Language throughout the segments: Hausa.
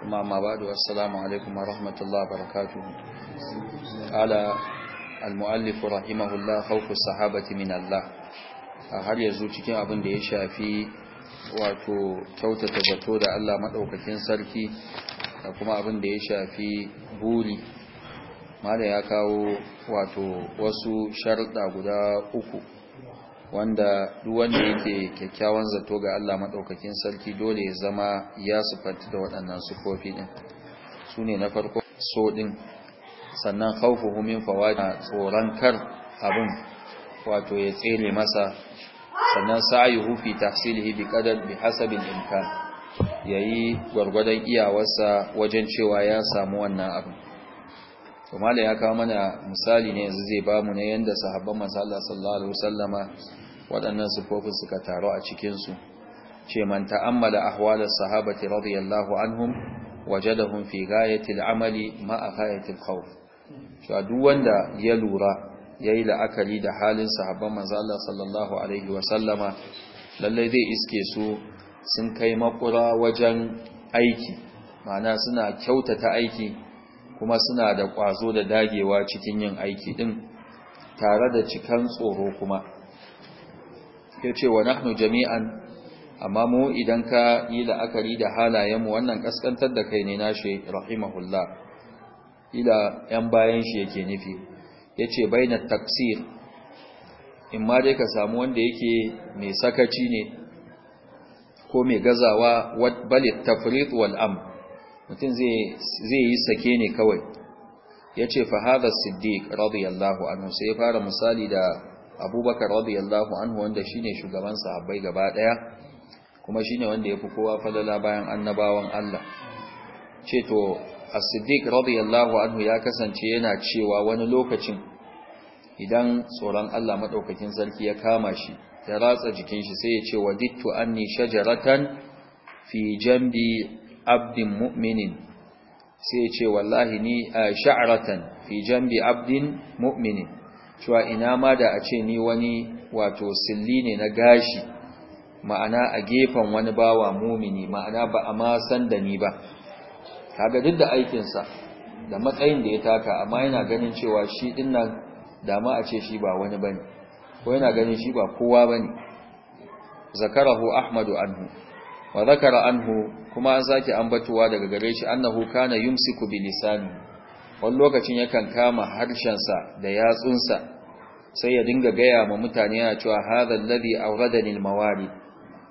kuma ma ba da wassalamu alaikum wa rahmatullah barakatu ala almu'allifu rahimahullah khawfu sahabati min Allah har yanzu cikin abin da ya shafi wato kyautata zato da Allah madaukakin sarki da kuma abin da ya shafi buri Malam ya kawo wato wasu sharuɗa guda uku wanda duk wanda yake kyakkyawan zato ga Allah madaukakin sarki dole ya zama ya sifanta da waɗannan sufofi din ne na farko so din sannan khawfuhu min fawaji tsoron kar abin wato ya tsere masa sannan sa'ayi fi tahsilihi bi qadar bi hasabil imkan yayi gwargwadon iyawarsa wajen cewa ya samu wannan abin to malai ya kawo mana misali ne yanzu zai bamu ne yanda sahabban manzo Allah sallallahu alaihi wasallama waɗannan sufofin suka taru a cikin su ce man ta'ammala ahwalas sahabati radiyallahu anhum wajadahum fi ghayati al'amali ma'a ghayati khawf to duk wanda ya lura yayi la'akari da halin sahabban manzo sallallahu alaihi wasallama lalle zai iske su sun kai makura wajen aiki ma'ana suna kyautata aiki kuma suna da ƙwazo da dagewa cikin yin aiki din tare da cikan tsoro kuma ya ce wa nahnu jami'an amma mu idan ka yi la'akari da halayenmu wannan kaskantar da kai ne na shi rahimahullah ila 'yan bayan shi yake nufi ya ce bayanar taksir in ma dai ka samu wanda yake mai sakaci ne ko mai gazawa balit tafrit wal'am mutum zai yi sake ne kawai ya ce fahadar siddiq radiyallahu anhu sai ya fara misali da abubakar radiyallahu anhu wanda shine shugaban sahabbai gaba daya kuma shine wanda ya fi kowa falala bayan annabawan Allah ce to as-siddiq radiyallahu anhu ya kasance yana cewa wani lokacin idan tsoron Allah madaukakin sarki ya kama shi ya ratsa jikin shi sai ya ce wadittu anni shajaratan fi jambi abdin mu'minin sai ce wallahi ni sha'ratan fi jambi abdin mu'minin cewa ina ma da a ce ni wani wato silli ne na gashi ma'ana a gefen wani bawa mumini ma'ana ba a ma san da ni ba kaga duk da aikinsa da matsayin da ya taka amma yana ganin cewa shi dinnan dama a ce shi ba wani bane ko yana ganin shi ba kowa bane zakarahu ahmadu anhu wa zakara anhu kuma an sake ambatuwa daga gare shi annahu kana yumsiku bi lisani wani lokacin yakan kama sa da yatsunsa sai ya dinga gaya ma mutane yana cewa hadha alladhi awradani almawari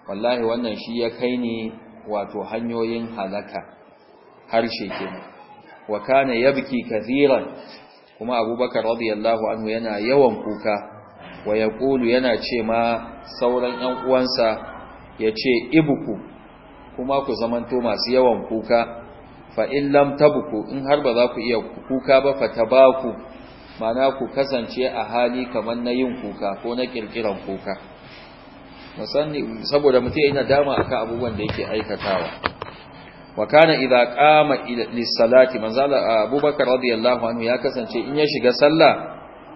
wallahi wannan shi ya kai ni wato hanyoyin halaka harshe kenan wa kana yabki kathiran kuma abubakar radiyallahu anhu yana yawan kuka wa yaqulu yana ce ma sauran yan uwansa yace ibuku kuma ku zamanto masu yawan kuka fa in lam tabku in har ba za ku iya kuka ba fa tabaku mana ku kasance a hali kamar na yin kuka ko na kirkiran kuka musanni saboda mutum yana dama akan abubuwan da yake aikatawa wa kana idza qama lis-salati manzala abubakar radiyallahu anhu ya kasance in ya shiga sallah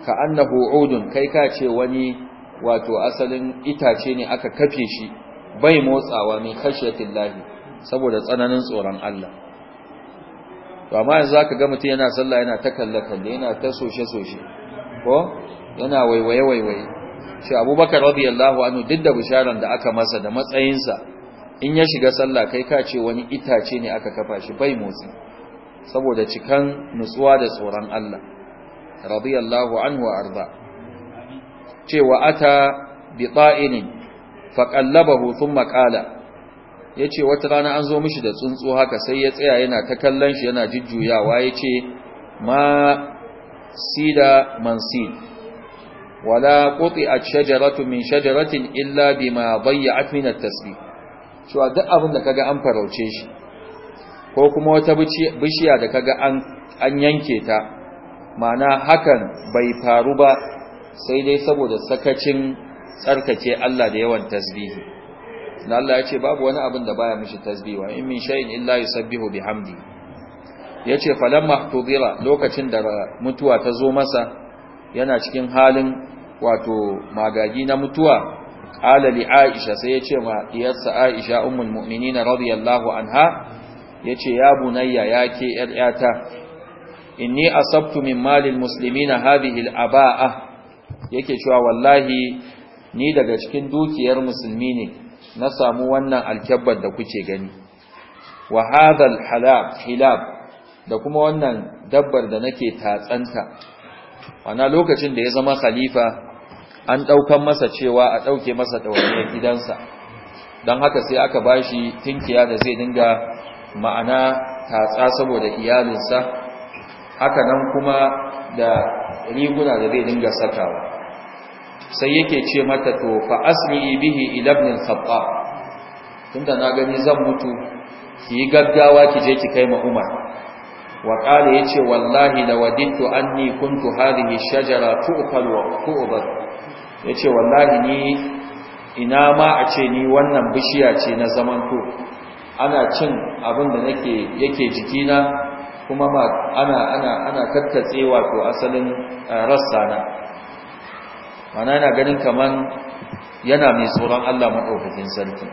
ka annahu udun kai ka ce wani wato asalin itace ne aka kafe shi bai motsawa mai khashiyatin lahi saboda tsananin tsoron Allah to amma yanzu zaka ga mutum yana salla yana ta kalle kalle yana ta soshe soshe ko yana waiwaye waiwaye shi Abubakar radiyallahu anu, duk da bisharan da aka masa da matsayinsa in ya shiga sallah kai ka ce wani itace ne aka kafa shi bai motsi saboda cikan nutsuwa da tsoron Allah rabi anu anhu arda cewa ata bi ta'inin faƙallabahu sun maƙala ya ce wata rana an zo mishi da tsuntsu haka sai ya tsaya yana ta kallon shi yana jujjuyawa ya ce ma sida mansid wala ƙoƙi a shajaratu min shajaratin illa bi ma bayya atminar tasbi cewa duk abin da kaga an farauce shi ko kuma wata bishiya da kaga an yanke ta mana hakan bai faru ba sai dai saboda sakacin tsarkake Allah da yawan tasbihi na Allah ya ce babu wani abin da baya mishi tasbihi wa in min shay'in illa yusabbihu bihamdi yace falamma tudira lokacin da mutuwa ta zo masa yana cikin halin wato magagi na mutuwa qala li aisha sai yace ma diyarsa aisha ummul mu'minin radiyallahu anha yace ya bunayya yake yar yata inni asabtu min malil muslimina hadhihi al-aba'a yake cewa wallahi ni daga cikin dukiyar musulmi ne na samu wannan alkyabbar da kuke gani wa hadhal halab hilab da kuma wannan dabbar da nake tatsanta wana lokacin da ya zama khalifa an daukan masa cewa a dauke masa dawaye gidansa dan haka sai aka bashi tinkiya da zai dinga ma'ana tatsa saboda iyalinsa haka nan kuma da riguna da zai dinga sakawa sai yake ce mata to fa asri bihi ila ibn al tunda na gani zan mutu ki gaggawa ki je ki kai ma Umar wa qala yace wallahi la wadittu anni kuntu hadhihi shajara tu'qal wa tu'bad yace wallahi ni ina ma a ce ni wannan bishiya ce na zamanto ana cin abin da nake yake jikina kuma ma ana ana ana tattatsewa to asalin eh, rassa mana yana ganin kaman yana mai tsoron Allah maɗaukakin sarki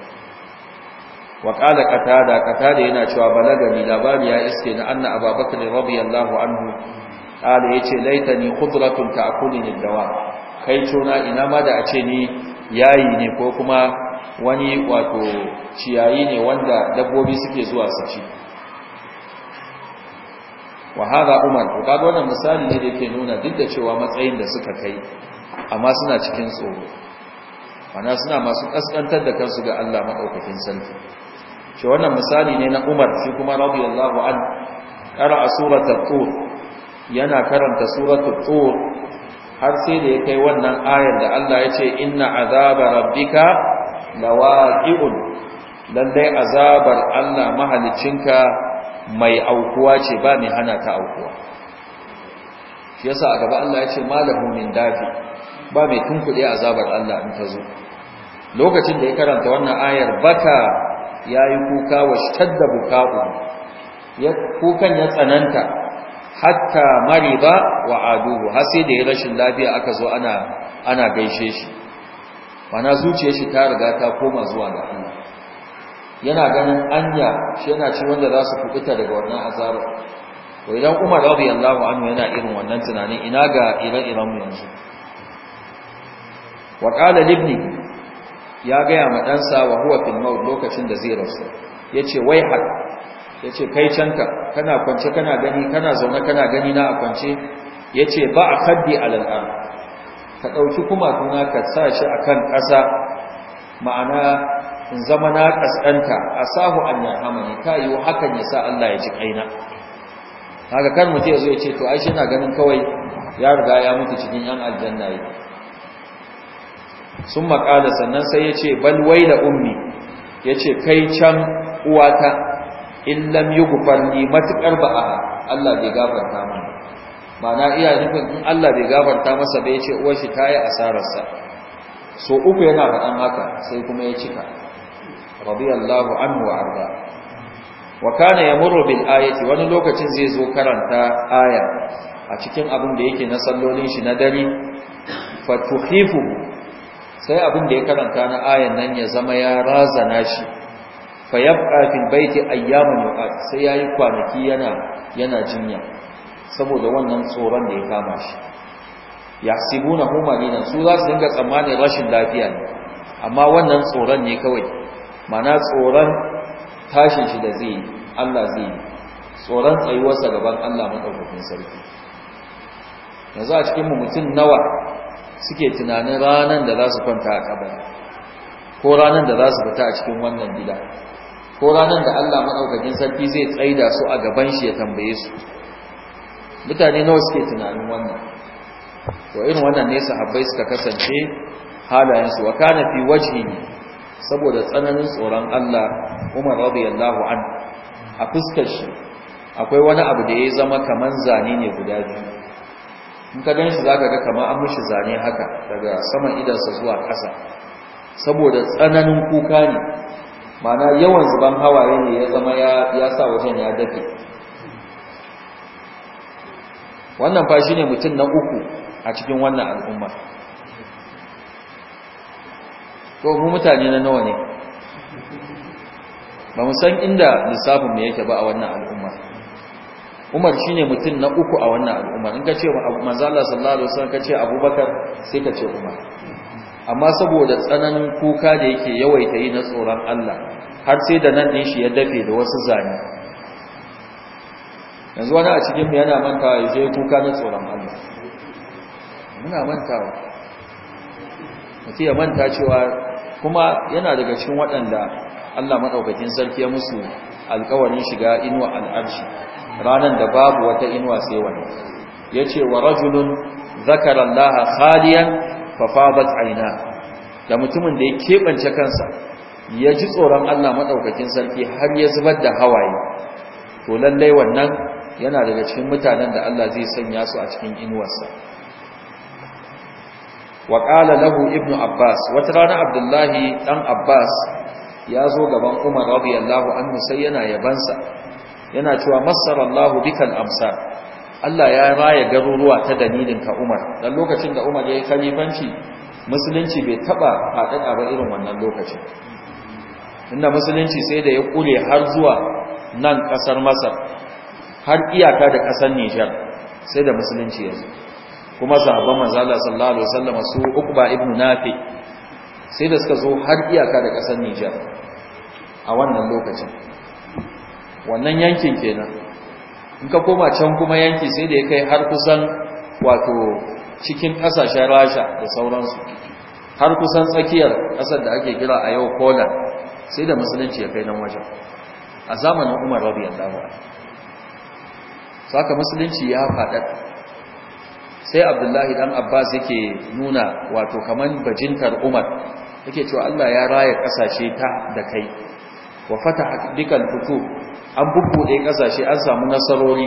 wa da qatada da yana cewa balagani labari ya iske na anna ababakar radiyallahu anhu qala yace laitani khudratun ta'kuluni dawa kai tona ina ma da a ce ni yayi ne ko kuma wani wato ciyayi ne wanda dabbobi suke zuwa su ci wa hada umar ko kaga wannan misali ne da ke nuna duk da cewa matsayin da suka kai amma suna cikin tsoro mana suna masu kaskantar da kansu ga Allah maɗaukakin sarki shi wannan misali ne na Umar shi kuma radiyallahu an a suratul tur yana karanta suratul tur har sai da ya kai wannan ayar da Allah ya ce inna azaba rabbika lawaqi'un lallai azabar Allah mahalicinka mai aukuwa ce ba mai hana ta aukuwa shi yasa a gaba Allah ya ce malahu min dafi ba mai tunkuɗe azabar Allah in ta zo lokacin da ya karanta wannan ayar baka ya yi kuka wa shadda buka'u kukan ya tsananta hatta ba wa aduhu har sai da ya rashin lafiya aka zo ana ana gaishe shi mana zuciyar shi ta riga ta koma zuwa ga Allah yana ganin anya shi yana ci wanda za su kubuta daga wannan azabar to idan Umar radiyallahu anhu yana irin wannan tunanin ina ga ire-iren yanzu wa qala libni ya gaya ma ɗansa wa huwa fil maut lokacin da zai rasu yace wai hak yace kai canka kana kwance kana gani kana zaune kana gani na a kwance yace ba a kaddi alal ar ka dauki kuma kuna ka sa shi akan ƙasa ma'ana in zama na kasanta asahu an yarhamani ta yi hakan ya sa Allah ya ji kaina haka kan mutum ya zo ya ce to ai shi na ganin kawai ya riga ya mutu cikin yan aljanna sun makala sannan sai ya ce balwai da ummi ya ce kai can uwata in lam yi gufarni matuƙar ba'a Allah bai gafarta mana na iya nufin in Allah bai gafarta masa bai ce uwar shi ta yi asararsa so uku yana faɗan haka sai kuma ya cika radiyallahu anhu wa arda wa kana yamurru bil ayati wani lokacin zai zo karanta aya a cikin abin da yake na sallolin shi na dare fatuhifu sai abin da ya karanta na ayan nan ya zama ya razana shi fa yabqa fil baiti ayyaman yuqat sai yayi kwanaki yana yana jinya saboda wannan tsoron da ya kama shi huma lidan su za su dinga tsammanin rashin lafiya ne amma wannan tsoron ne kawai mana tsoron tashin shi da zai Allah zai tsoron tsayuwarsa gaban Allah madaukakin sarki yanzu a cikin mu mutum nawa suke tunanin ranar da za su kwanta a kabar ko ranar da za su fita a cikin wannan gida ko ranar da Allah maɗaukakin sarki zai tsaida su a gaban shi ya tambaye su mutane nawa suke tunanin wannan to irin wannan ne sahabbai suka kasance halayensu wa kana fi wajhihi saboda tsananin tsoron Allah Umar radiyallahu anhu a fuskar shi akwai wani abu da ya zama kaman zane ne guda biyu in ka gan shi za ka ga kama an mishi zane haka daga saman idansa zuwa ƙasa saboda tsananin kuka ne mana yawan zuban hawaye ne ya zama ya sa wajen ya dafe wannan fashi shi ne mutum na uku a cikin wannan al'umma to mu mutane na nawa ne ba mu san inda mai yake ba a wannan al'umma Umar shine mutum na uku a wannan al'ummar, in ka ce mazala sallallahu ala'uwa ka ce Abubakar sai ka ce Umar amma saboda tsananin kuka da yake yawaita yi na tsoron Allah har sai da nan ne shi ya dafe da wasu zane yanzu wani a cikin yana mantawa ya zai kuka na tsoron Allah muna mantawa mutum ya manta cewa kuma yana daga cikin waɗanda Allah maɗaukakin sarki ya musu alƙawarin shiga inuwa al'arshi ranan da babu wata inuwa sai wannan yace wa rajulun zakarallaha Allah khaliyan aina da mutumin da ya kebance kansa ya ji tsoron Allah maɗaukakin sarki har ya zubar da hawaye to lallai wannan yana daga cikin mutanen da Allah zai sanya su a cikin inuwarsa wa lahu ibnu abbas wata rana abdullahi ɗan abbas ya zo gaban umar radiyallahu anhu sai yana yabansa yana cewa masarallahu bikal amsar Allah ya raya garuruwa ta dalilin ka Umar dan lokacin da Umar yayin khalifanci musulunci bai taba fadada ba irin wannan lokacin inda musulunci sai da ya kure har zuwa nan kasar Masar har iyaka da kasar Niger sai da musulunci ya zo kuma sahabban manzo Allah sallallahu alaihi wasallam su Uqba ibn Nafi sai da suka zo har iyaka da kasar Niger a wannan lokacin wannan yankin kenan in ka koma can kuma yanki sai da ya kai har kusan wato cikin ƙasashen rasha da sauransu har kusan tsakiyar ƙasar da ake kira a yau kola sai da musulunci ya kai nan wajen a zamanin umar ya anhu saka musulunci ya faɗa. sai abdullahi dan abbas yake nuna wato kamar bajintar umar yake cewa Allah ya raya ƙasashe ta da kai wa fata dukkan fito an bubbuɗe ƙasashe an samu nasarori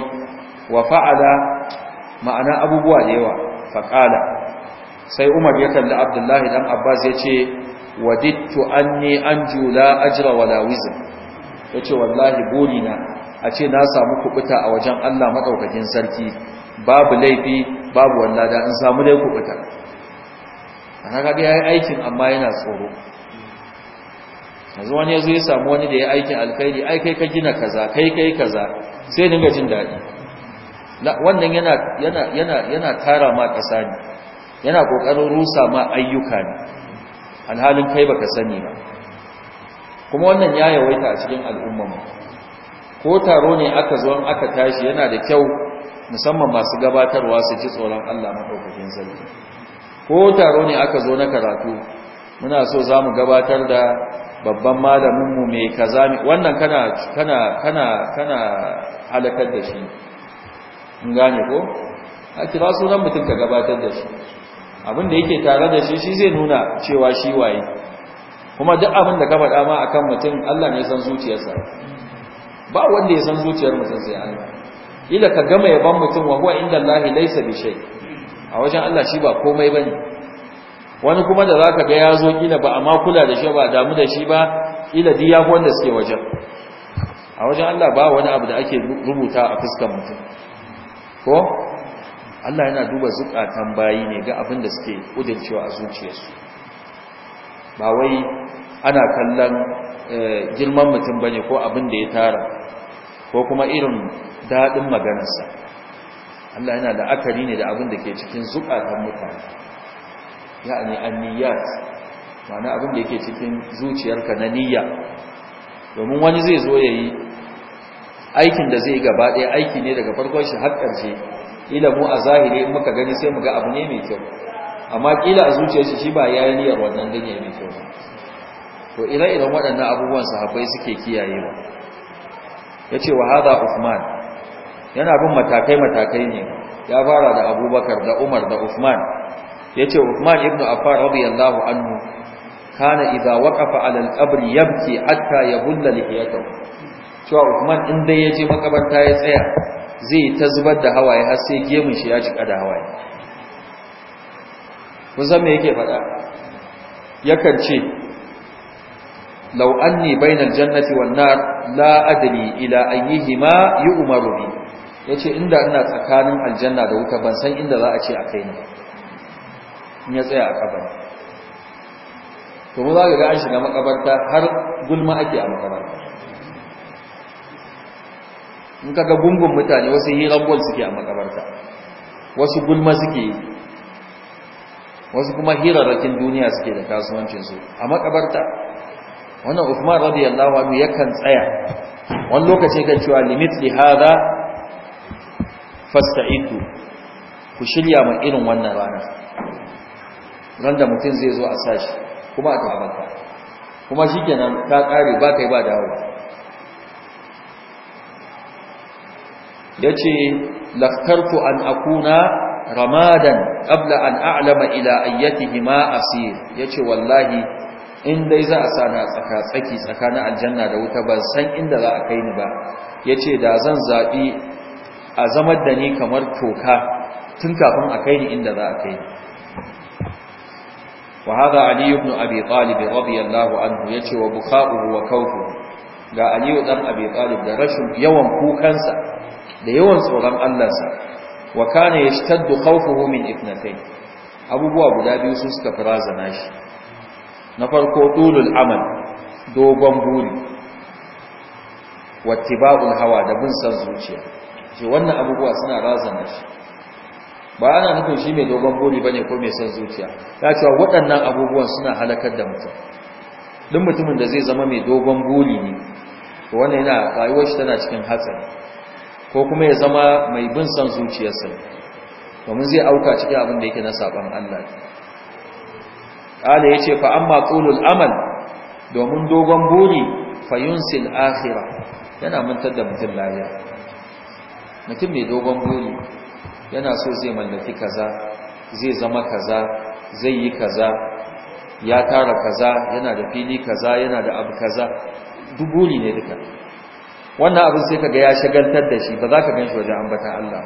wa fa'ala ma'ana abubuwa da yawa faƙala sai umar ya kalli abdullahi dan abbas ya ce wa anni an jula ajra wala wizin ya ce wallahi burina a ce na samu kubuta a wajen allah maɗaukakin sarki babu laifi babu wallada in samu dai kubuta ana ga ya aikin amma yana tsoro yanzu wani yazo ya samu wani da ya aikin alkhairi ai kai ka gina kaza kai kai kaza sai dinga jin dadi wannan yana yana yana yana tara ma ƙasa ne yana kokarin rusa ma ayyuka ne alhalin kai baka sani ba kuma wannan ya yawaita a cikin al'umma ko taro ne aka zo an aka tashi yana da kyau musamman masu gabatarwa su ji tsoron Allah madaukakin sarki ko taro ne aka zo na karatu muna so zamu gabatar da babban malaminmu mai kaza ne. wannan kana kana kana kana halakar da shi in gane ko a kira sunan mutum ka gabatar da shi abin da yake tare da shi shi zai nuna cewa shi waye kuma duk abin da ka faɗa ma akan mutum Allah ne san zuciyarsa ba wanda ya san zuciyar mutum sai Allah ila ka gama yaban mutum wa huwa inda Allah laisa bi shay a wajen Allah shi ba komai bane wani kuma da zaka ga ya zo kila ba amma kula da shi ba damu da shi ba kila diya wanda suke wajen a wajen Allah ba wani abu da ake rubuta a fuskar mutum ko Allah yana duba zukatan bayi ne ga abin da suke kudancewa a zuciyarsu ba wai ana kallon eh, girman mutum bane ko abin da ya tara ko kuma irin daɗin maganarsa Allah yana da akari ne da abin da ke cikin zukatan mutane an anniyat ma'ana abin da yake cikin zuciyarka na niyya domin wani zai zo yayi aikin da zai gaba ɗaya aiki ne daga farkon shi har ƙarshe ila mu a zahiri in muka gani sai mu abu ne mai kyau amma kila a zuciyar shi shi ba yi niyyar wannan ganye mai kyau to ire-iren waɗannan abubuwan sahabbai suke kiyayewa yace wa hada Uthman yana bin matakai matakai ne ya fara da Abubakar da Umar da Uthman yace Uthman ibn Affan radiyallahu anhu kana idza waqafa ala al-qabr yabki hatta yabulla lihiyatuhu cewa Uthman in dai yaje makabarta ya tsaya zai ta zubar da hawaye har sai gemun shi ya cika da hawaye mun san me yake faɗa yakan ce law anni al jannati wan nar la adri ila ayyihima yu'maru bi yace inda ina tsakanin aljanna da wuta ban san inda za a ce a kai in ya tsaya a kabar to mu za ga an shiga makabarta har gulma ake a makabarta in ka ga gungun mutane wasu hiran gol suke a makabarta wasu gulma suke wasu kuma hirarrakin duniya suke da kasuwancinsu a makabarta wannan Uthman radiyallahu anhu yakan tsaya wani lokaci kan cewa limit li hada fasta'idu ku shirya ma irin wannan ranar. ran da mutum zai zo a sashi kuma a tabanka kuma shi kenan ta ƙare ba yi ba dawowa ya ce laftarku an akuna ramadan ƙabla an a'lama ila ayyati hima asir ya ce wallahi in dai za a sa na tsaka-tsaki tsakanin aljanna da wuta ban san inda za a kai ni ba ya ce da zan zaɓi a zamar da ni kamar toka tun kafin a kai ni inda za a kai ni wa hadha ali ibn abi talib radiyallahu anhu yace wa bukha'uhu wa kawfuhu ga Aliyu dan abi talib da rashin yawan kukansa da yawan tsoron Allah sa wa kana yashtaddu khawfuhu min ithnatayn abubuwa guda biyu su suka razana shi na farko dulul amal dogon buri wattiba'ul hawa da bin san zuciya ce wannan abubuwa suna razana shi ba ana nufin shi mai dogon buri ba ne ko mai son zuciya ya cewa waɗannan abubuwan suna halakar da mutum duk mutumin da zai zama mai dogon buri ne to wanda yana rayuwar shi tana cikin hatsari ko kuma ya zama mai bin son zuciyarsa domin zai auka cikin abin da yake na saban Allah ya yace fa amma qulul amal domin dogon buri fayunsil akhirah yana mantar da mutum lafiya mutum mai dogon buri yana so zai mallaki kaza zai zama kaza zai yi kaza ya tara kaza yana da fili kaza yana da abu kaza duburi ne duka wannan abin sai kaga ya shagaltar da shi ba za ka ganshi wajen ambatan Allah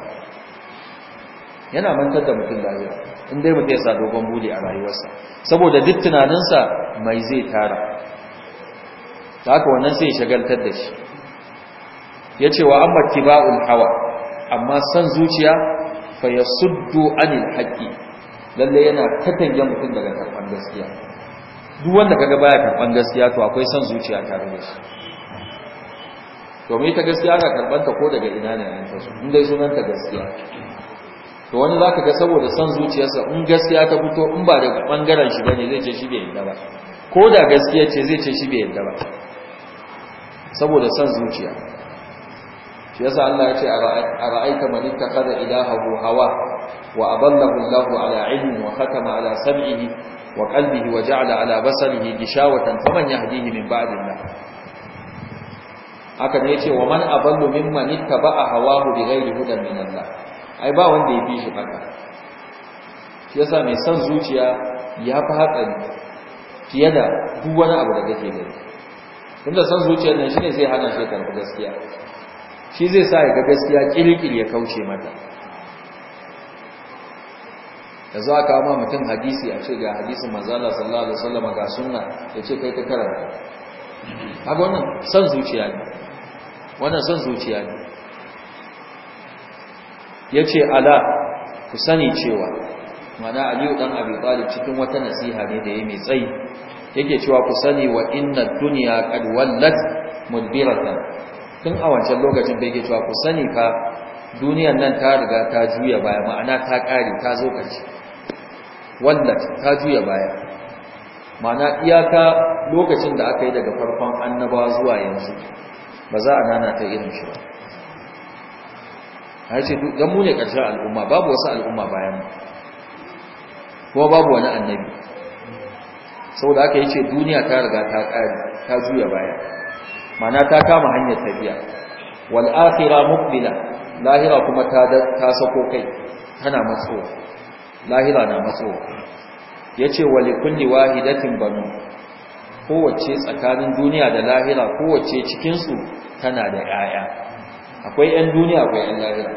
yana mantar da mutum lahira in dai mutum ya sa dogon buri a rayuwarsa saboda duk tunaninsa mai zai tara ta haka wannan sai shagaltar da shi ya ce wa amma tiba'ul hawa amma san zuciya fayasuddu anil haqqi lalle yana katange mutum daga karban gaskiya duk wanda kaga baya karban gaskiya to akwai son zuciya tare da shi To me ita gaskiya ga karban ta ko daga ina ne an tsaso in dai sunan ta gaskiya to wani zaka ga saboda son zuciyarsa in gaskiya ta fito in ba daga bangaren shi bane zai ce shi bai yadda ba ko da gaskiya ce zai ce shi bai yadda ba saboda son zuciya shi yasa Allah ya ce a ara'aita man ittakhadha ilahahu hawa wa adallahu Allah ala ilmi wa khatama ala sam'ihi wa qalbihi wa ja'ala ala basarihi gishawatan faman yahdihi min ba'dillah haka ne yace wa man adallu mimman ittaba'a hawahu bighairi hudan min Allah ai ba wanda ya fi shi haka shi yasa mai son zuciya ya fi hatsari fiye da duk wani abu da kake gani inda son zuciyar nan shine zai hana shi karɓi gaskiya shi zai sa ya ga gaskiya kirkir ya kauce mata da za ka ma mutum hadisi a ce ga hadisi manzala sallallahu alaihi wasallam ga sunna ya ce kai ka karanta haka wannan san zuciya ne wannan san zuciya ne ya ce ala ku sani cewa mana aliyu dan abi talib cikin wata nasiha ne da yayi mai tsayi yake cewa ku sani wa inna dunya qad wallat mudbiratan tun a wancan lokacin da yake cewa ku sani ka duniyan nan ta riga ta juya baya ma'ana ta kare ta zo kace wanda ta juya baya ma'ana iyaka lokacin da aka yi daga farkon annabawa zuwa yanzu ba za a nana ta irin shi ba a ce don mu ne ƙarshen al'umma babu wasu al'umma bayan kuma babu wani annabi saboda aka yi ce duniya ta riga ta ƙari ta juya baya mana ta kama hanyar tafiya wal akhirah muqbila lahira kuma ta ta sako kai tana matsowa lahira na matsowa yace wal kulli wahidatin banu kowace tsakanin duniya da lahira kowace cikin su tana da yaya akwai ɗan duniya akwai ɗan lahira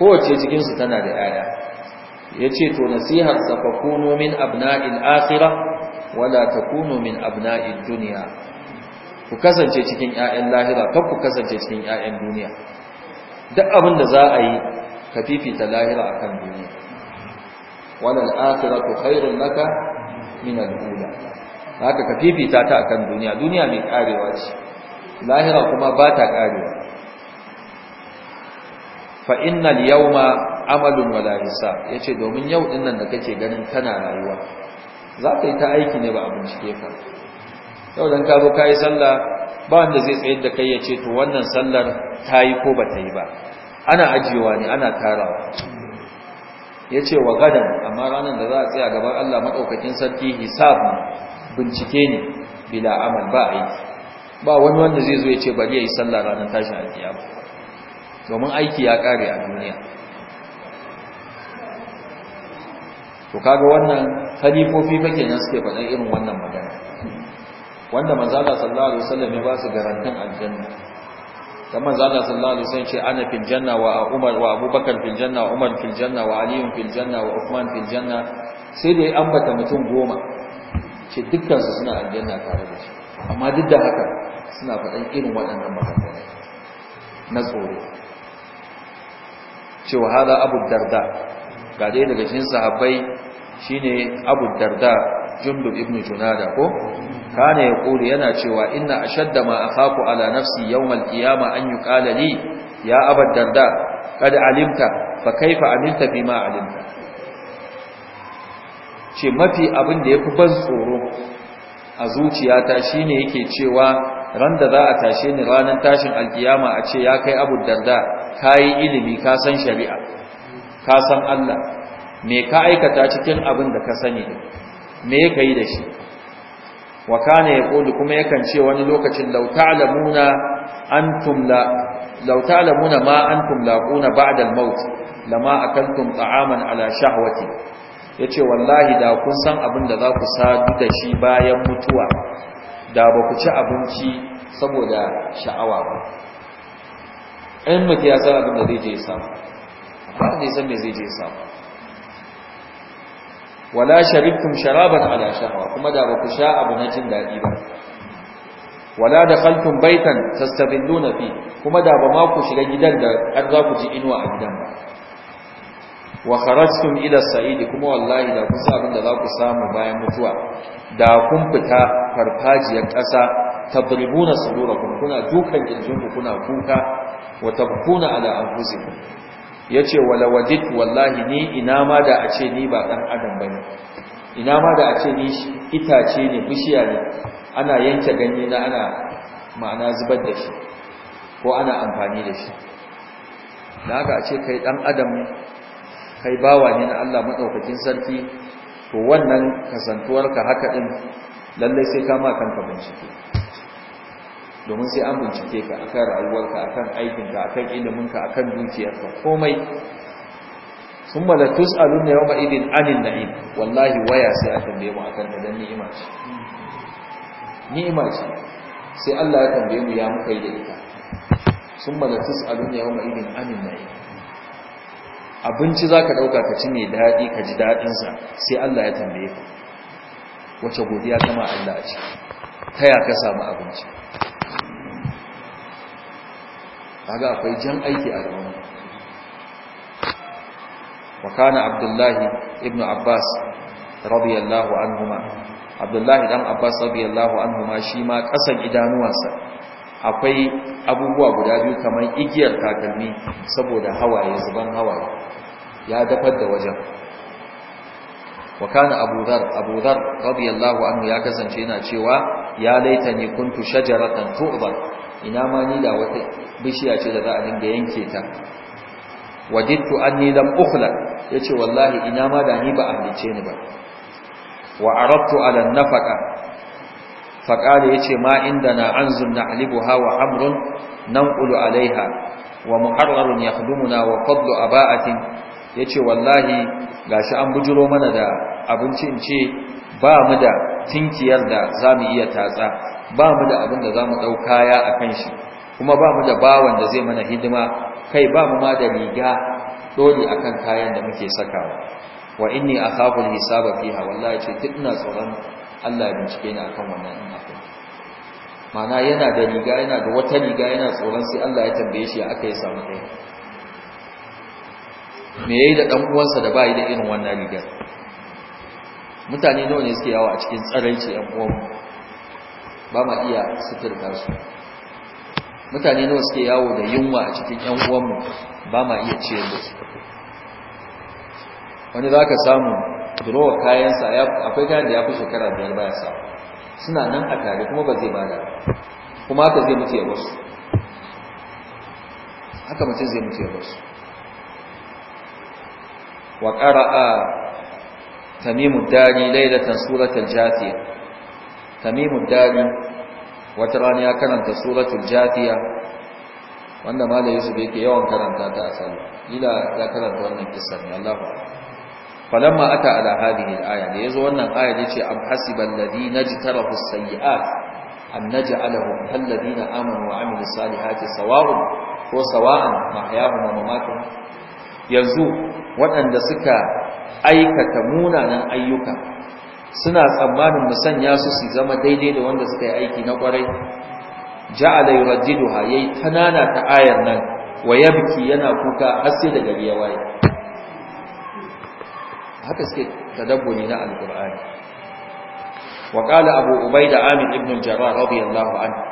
kowace cikin su tana da yaya yace to nasihar safakunu min abna'il akhirah wala takunu min abna'id dunya ku kasance cikin ƴaƴan lahira kar ku kasance cikin ƴaƴan duniya duk abin da za a yi ka fifita lahira akan duniya walal akhiratu khairun laka min al-ula haka ka fifita ta akan duniya duniya mai karewa ce lahira kuma ba ta karewa fa innal yawma amalun wala hisab yace domin yau dinnan da kake ganin kana rayuwa za ka yi ta aiki ne ba abin cike ka yau dan ka zo ka yi sallah ba wanda zai tsayar da kai ya ce to wannan sallar ta yi ko ba ta yi ba ana ajiyewa ne ana tarawa ya ce wa gadan amma ranar da za a tsaya gaban Allah maɗaukakin sarki hisab bincike ne bila amal ba aiki ba wani wanda zai zo ya ce bari ya yi sallah ranar tashin ba domin aiki ya ƙare a duniya to kaga wannan kalifofi fa kenan suke faɗan irin wannan magana wanda manzala sallallahu alaihi wasallam ya ba su garantin aljanna dan manzala sallallahu alaihi wasallam ce ana fil janna wa umar wa abubakar fil janna wa umar fil janna wa ali fil janna wa uthman fil janna sai dai ambata mutum goma ce dukkan su suna aljanna tare da shi amma duk da haka suna faɗan irin waɗannan magana na tsoro cewa hada abu darda ga dai daga cikin sahabbai shine abu darda jundub ibnu junada ko kana ya yaqulu yana cewa inna ashadda ma akhafu ala nafsi yawm al an yuqala li ya abad darda kad alimta fa kaifa amilta bima alimta ce mafi abin da yafi ban tsoro a zuciyata shine yake cewa ran da za a tashe ni ranar tashin alkiyama a ce ya kai abu darda kayi ilimi ka san shari'a ka san Allah me ka aikata cikin abin da ka sani me ka yi da shi wa kana yaqulu kuma yakan ce wani lokacin law ta'lamuna antum la law ta'lamuna ma antum laquna ba'da al-maut lama akaltum ta'aman ala shahwati yace wallahi da kun san abin da za ku sadu da shi bayan mutuwa da ba ku ci abinci saboda sha'awa ba in mutu ya san abin da zai je ya samu ba zai san me zai je ya samu wala shariftun sharaban ala shahwa kuma da baku sha abu na jin daɗi ba wala da dakhaltum baitan tastadilluna fi kuma da ba ma ku shiga gidan da an za ji inuwa a gidan ba wa kharajtum ila sa'id kuma wallahi da kun abin da za ku samu bayan mutuwa da kun fita farfajiyar ƙasa tadribuna sudurakum kuna dukan kirjinku kuna kuka wa tabkuna ala ya ce wallahi ni ina ma da a ce ni ba ɗan adam ba ne ina ma da a ce ni itace ne bishiya ne ana yanke ganye na ana ma'ana zubar da shi ko ana amfani da shi da haka a ce kai ɗan adam kai bawa ne na Allah maɗaukakin sarki to wannan kasantuwarka haka ɗin lallai sai kama kanka bincike domin sai an bincike ka akan rayuwarka akan aikinka akan iliminka akan dukiyarka komai sun mala tus'alu ne yawma idin anin na'im wallahi waya sai aka tambaye mu akan da dan ni'ima ce ni'ima ce sai Allah ya tambaye mu ya muka yi da ita sun mala tus'alu ne yawma idin anin na'im abinci zaka dauka ka ci ne dadi ka ji dadin sa sai Allah ya tambaye ka wace godiya kama Allah a ciki ta ya ka samu abinci kaga akwai jan aiki a gaban wa kana abdullahi ibnu abbas radiyallahu anhuma abdullahi dan abbas radiyallahu anhuma shi ma kasan idanuwansa akwai abubuwa guda biyu kamar igiyar takalmi saboda hawaye zuban hawaye ya dafar da wajen wa kana abu dhar abu dhar radiyallahu anhu ya kasance yana cewa ya laitani kuntu shajaratan tu'ba ina ma ni da wata bishiya ce da za a dinga yanke ta wajidtu anni lam ukhlaq yace wallahi ina ma da ni ba halice ni ba wa aradtu ala nafaqa faqala yace ma indana anzun na'libuha wa amrun nanqulu alaiha wa muharrarun yakhdumuna wa fadlu aba'atin yace wallahi gashi an bujiro mana da abinci in ce ba mu da tinkiyar da zamu iya tatsa ba mu da abin da zamu dau kaya akan shi kuma ba mu da bawan da zai mana hidima kai ba mu ma da riga dole akan kayan da muke sakawa wa inni akhafu al-hisaba fiha wallahi ce duk ina tsoron Allah ya bincike ni akan wannan din akwai mana yana da riga yana da wata riga yana tsoron sai Allah ya tambaye shi aka yi samu kai me yayi da dan uwansa da bai da irin wannan rigar mutane nawa ne suke yawo a cikin tsaraici ɗan uwan ba ma iya sutur su mutane nawa suke yawo da yunwa a cikin yan uwanmu ba ma iya ciyar da su wani za ka samu durowa kayansa akwai kayan da ya fi shekara biyar baya sa suna nan a tare kuma ba zai bada kuma haka zai mutu ya wasu haka mutum zai mutu ya wasu wa ƙara'a tamimu dari lailatan suratul jathiya tamimu dari wata rana ya karanta suratul jatiya wanda malam yusuf yake yawan karanta ta a sallah ila ya karanta wannan kissa ne Allahu falamma ata ala hadhihi al-aya da yazo wannan aya da yace am hasibal ladina jtarafu as-sayyi'at an naj'alahum kal ladina amanu wa amilus salihati sawa'un ko sawa'an mahyahum wa mamatuhum yanzu waɗanda suka aikata munanan ayyuka suna tsammanin mu sanya su su zama daidai da wanda suka yi aiki na kwarai ja'ala yurajjiduha yayi kanana ta ayar nan Wayabki yana kuka har sai da gari ya waye haka suke tadabburi na alqur'ani wa qala abu ubaida da ibn jarrah radiyallahu anhu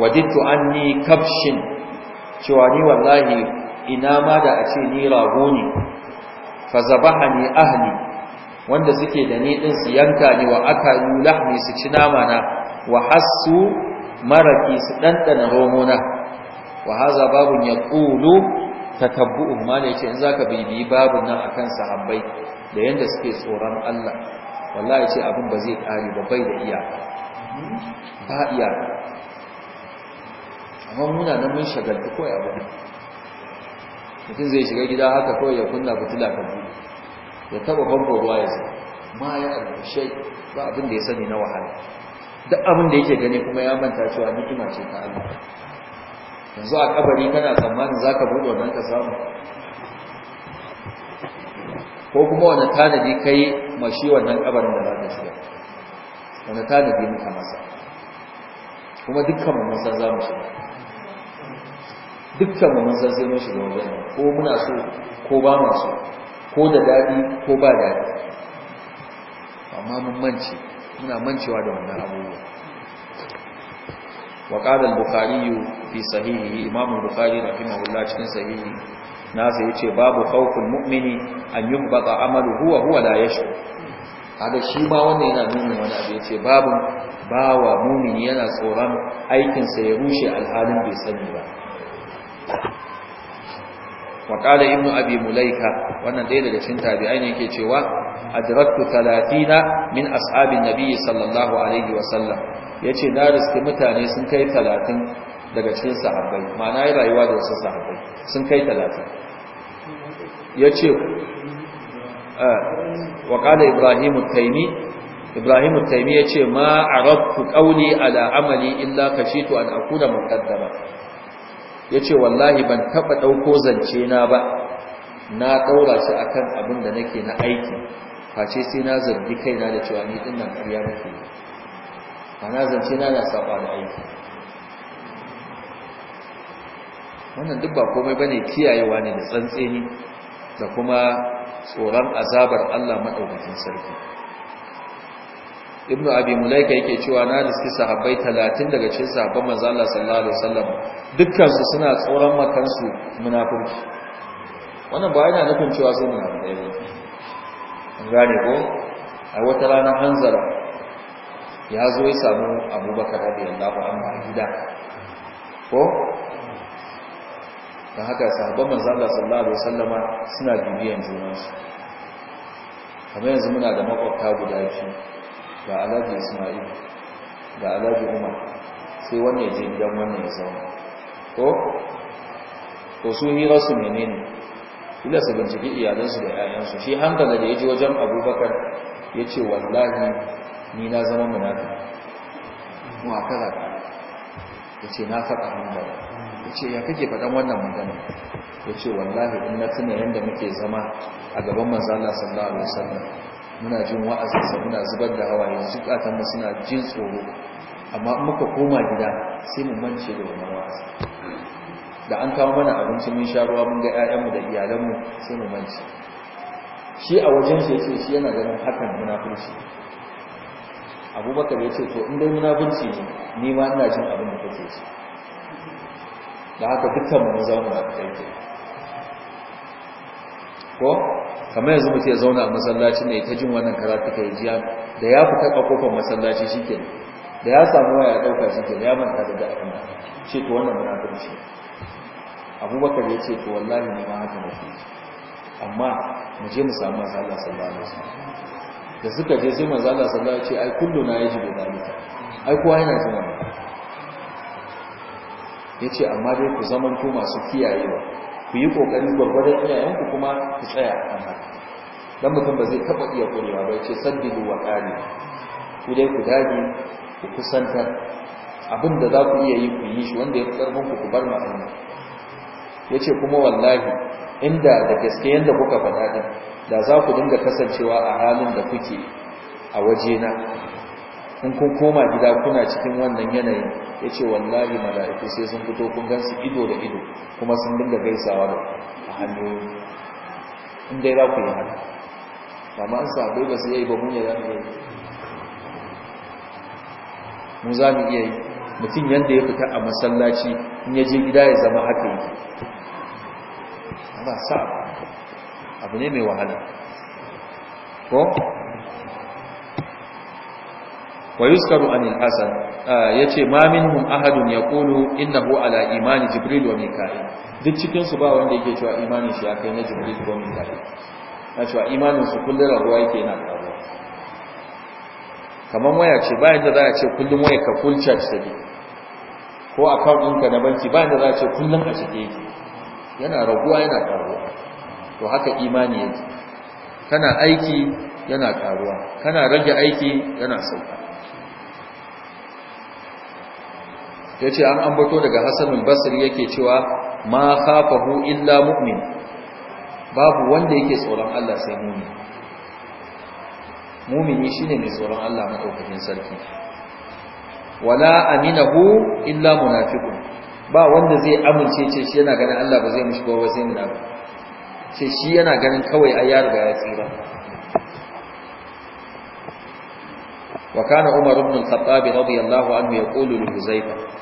wajidtu anni kabshin cewa ni wallahi ina ma da a ce ni rago ne fa zabahani ahli wanda suke da ni din su yanka ni wa aka yi lahmi su ci nama na wa hassu maraki su dandana romo na wa haza babun yaqulu Umma ne, yace in zaka bibiyi babun nan akan sahabbai da yanda suke tsoron Allah wallahi yace abin ba zai kare ba bai da iyaka ba iyaka amma muna nan mun shagaltu koyi abu mutum zai shiga gida haka kawai ya kunna fitila ka buɗe ya taba bambo ruwa ya zai ma ya albushai ba abin da ya sani na wahala duk abin da yake gani kuma ya manta cewa ni'ima ce ta Allah yanzu a kabari kana tsammanin zaka bude wannan ka samu ko kuma wani tanadi kai mashi wannan kabarin da zaka shiga wani tanadi muka masa kuma dukkan mu mun san za mu shiga dukkan mu mun san sai mun shiga wajen ko muna so ko ba mu so ko da daɗi ko ba daɗi amma mun mance muna mancewa da wannan abubuwa wa qala al-bukhari fi sahihi imam al-bukhari rahimahullah cikin sahihi nasa yace babu khawful mu'mini an yubata amaluhu wa huwa la yashku Hada shi ba wannan yana nuna wani abu yace babu bawa mu'mini yana tsoron aikinsa ya rushe alhalin bai sani ba وقال ابن أبي مليكة وأن ديلة سنتا بأين يكيشوا min ashabin من أصحاب النبي صلى الله عليه na يتي mutane sun kai ثلاثين daga cikin sahabbai ma'ana yi rayuwa da wasu sahabbai sun kai talatin ya ce taimi ibrahimu taimi ya ce ma a rabu ƙauli ala amali illa kashitu an akuna muƙaddara ya ce wallahi ban taɓa ɗauko zance na ba na ɗaura su a kan abin da nake na aiki face sai na zargi kaina da cewa ni ɗin nan ƙarya nake ana zance na na saɓa da aiki wannan duk ba komai ba ne kiyayewa ne da tsantseni da kuma tsoron azabar Allah maɗaukakin sarki ibnu abi mulaika yake cewa na riski sahabbai 30 daga cikin sahabban manzo Allah sallallahu alaihi wasallam dukkan su suna tsoron makansu munafiki wannan ba yana nufin cewa su munafiki ne gane ko a wata rana hanzara ya zo ya samu abubakar radiyallahu anhu a gida ko don haka sahabban manzo Allah sallallahu alaihi wasallam suna bibiyan junansu kamar yanzu muna da makwabta guda biyu ga alaji ismail ga alaji umar sai wannan ya je gidan wannan ya zauna ko to su hira su menene ila su binciki iyalansu da 'ya'yansu shi hankali da ya ji wajen abubakar ya ce wallahi ni na zama munafiki mu a kaza ya ce na faɗa hankali ya ce ya kake faɗan wannan magana ya ce wallahi in na tuna yadda muke zama a gaban manzala sallallahu alaihi wasallam muna jin wa'azinsa muna zubar da hawaye mu suna jin tsoro amma muka koma gida sai mu mance da wannan wa'azi da an kawo mana abinci mun sha ruwa mun ga 'ya'yanmu da iyalanmu sai mu mance shi a wajen shi shi yana ganin hakan munafurci abubakar ce to in dai munafurci ne ni ma ina jin abin da kake ce. da haka dukkan mu za mu na kai ko kamar yanzu mutum ya zauna a masallaci ne ta jin wannan karatu kai jiya da ya fita a kofar masallaci shike da ya samu waya ya dauka shike ya manta da da abin ce to wannan munafurci abubakar ya ce to wallahi ne ma haka nake amma mu je mu samu manzo Allah sallallahu alaihi wasallam da suka je sai manzo Allah sallallahu alaihi wasallam ya ce ai kullu na yaji da dalika ai kowa yana jin wannan yace amma dai ku zaman ku masu kiyayewa ku yi ƙoƙari gwargwadon iyayenku kuma ku tsaya a kan haka don mutum ba zai taɓa iya ƙurewa ba ce saddidu wa ƙari ku dai ku dage ku kusanta abin da za ku iya yi ku yi shi wanda ya fi ƙarfinku ku bar ma'ana ya ce kuma wallahi inda da gaske yadda kuka faɗa da za ku dinga kasancewa a halin da kuke a wajena in kun koma gida kuna cikin wannan yanayin ya ce wallahi mala'iku sai sun fito kun gansu ido da ido kuma sun dinga gaisawa da a inda ya ku yi haka amma an sabo ba su yi ba mun yi zan mu za mu iya yi mutum yadda ya fita a masallaci in ya je gida ya zama haka yi ba sa abu ne mai wahala ko wa yuskaru anil hasan yace ma minhum ahadun yaqulu innahu ala imani jibril wa mika'il duk cikin su ba wanda yake cewa imanin shi akai na jibril ko mika'il na cewa imanin su kullun rabuwa ke yana karuwa kamar waya ce bayan da za a ce kullun waya ka full charge take ko account ɗinka na banki bayan da za a ce kullun a cike yake yana raguwa yana karuwa to haka imani yake kana aiki yana karuwa kana rage aiki yana sauka ya ce an ambato daga hasanin basri yake cewa ma khafahu illa mu'min babu wanda yake tsoron Allah sai mumin mumini shine mai tsoron Allah madaukakin sarki wala aminahu illa munafiqun ba wanda zai amince ce shi yana ganin Allah ba zai mishi ba sai munafiki ce shi yana ganin kawai ai ya riga ya tsira Umar, ibn al-khattab radiyallahu anhu yaqulu li لحذيفه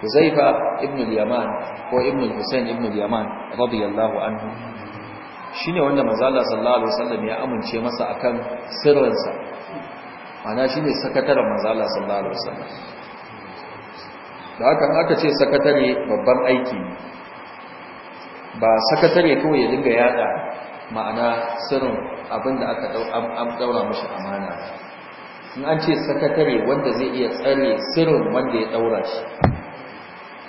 Huzaifa ابن al-Yaman ko ibn al-Husayn ibn al-Yaman radiyallahu wanda manzo Allah sallallahu alaihi ya amince masa akan sirrinsa سكتر shine sakataren صلى الله عليه وسلم da شيء aka ce sakatare babban aiki ba sakatare kawai ya dinga yada ma'ana sirrin abinda aka daura mashi amana in an ce sakatare wanda zai iya tsare sirrin wanda ya daura shi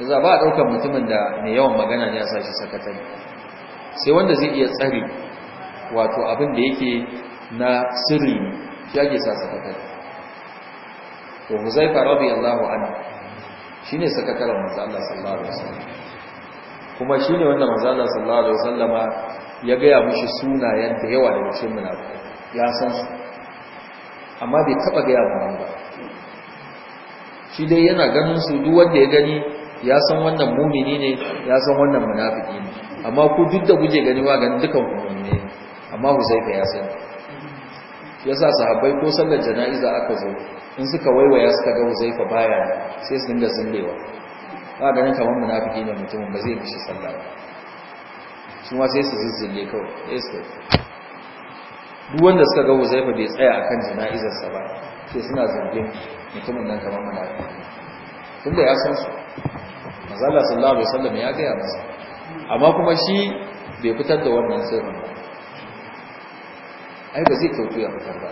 za ba a ɗaukar mutumin da mai yawan magana ne a sashi sakatari sai wanda zai iya tsari wato abin da yake na sirri shi ake sa sakatari to huzaifa allahu anhu shi sakataren sakatarar mazala sallallahu alaihi wasallam kuma ne wanda mazala sallallahu alaihi wasallama ya gaya mushi sunayen da yawa da cikin munafikai ya san su amma bai taba gaya mu ba shi dai yana ganin su duk wanda ya gani ya san wannan mumini ne ya san wannan munafiki ne amma ku duk da guje gani wa gani dukan ku ne amma Huzaifa ya sani yasa sahabbai ko sallar jana'iza aka zo in suka waiwaya suka ga Huzaifa baya sai su dinga zillewa ba ganin kamar munafiki ne mutumin ba zai bishi sallah ba su ma sai su zizzille kawai sai duk wanda suka ga Huzaifa bai tsaya akan jana'izarsa ba sai suna zargin mutumin nan kamar munafiki tunda ya san su mazala sallallahu alaihi wasallam ya gaya masa amma kuma shi bai fitar da wannan sirrin ba ai ba zai kautu ya fitar ba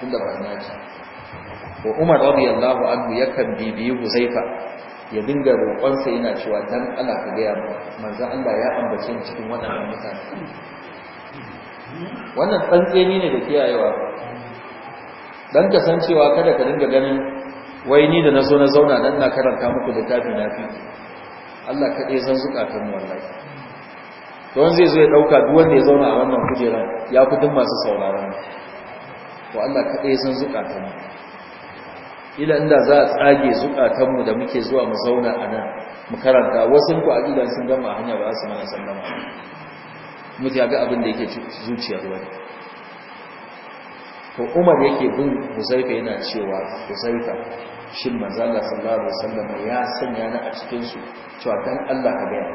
tunda ba na ce wa umar radiyallahu anhu yakan bibiyi huzaifa ya dinga roƙonsa yana cewa dan Allah ka gaya manzo Allah ya ambace ni cikin wannan mutane wannan tsantseni ne da kiyayewa dan ka san cewa kada ka dinga ganin wai ni da na nazo na zauna dan na karanta muku littafi na fi Allah kaɗe zan zukatan mu wallahi don zai zo ya ɗauka duk wanda ya zauna a wannan kujerar ya fi duk masu sauraron to Allah kaɗe zan zukatan mu ila inda za a tsage zukatan mu da muke zuwa mu zauna a nan mu karanta wasu ku aqidan sun gama a hanya ba za su mana sallama mutu ya ga abin da yake zuciyar wani to umar yake bin huzaifa yana cewa huzaifa shin manzo Allah sallallahu alaihi wasallam ya sanya ni a cikin su cewa dan Allah ka gaya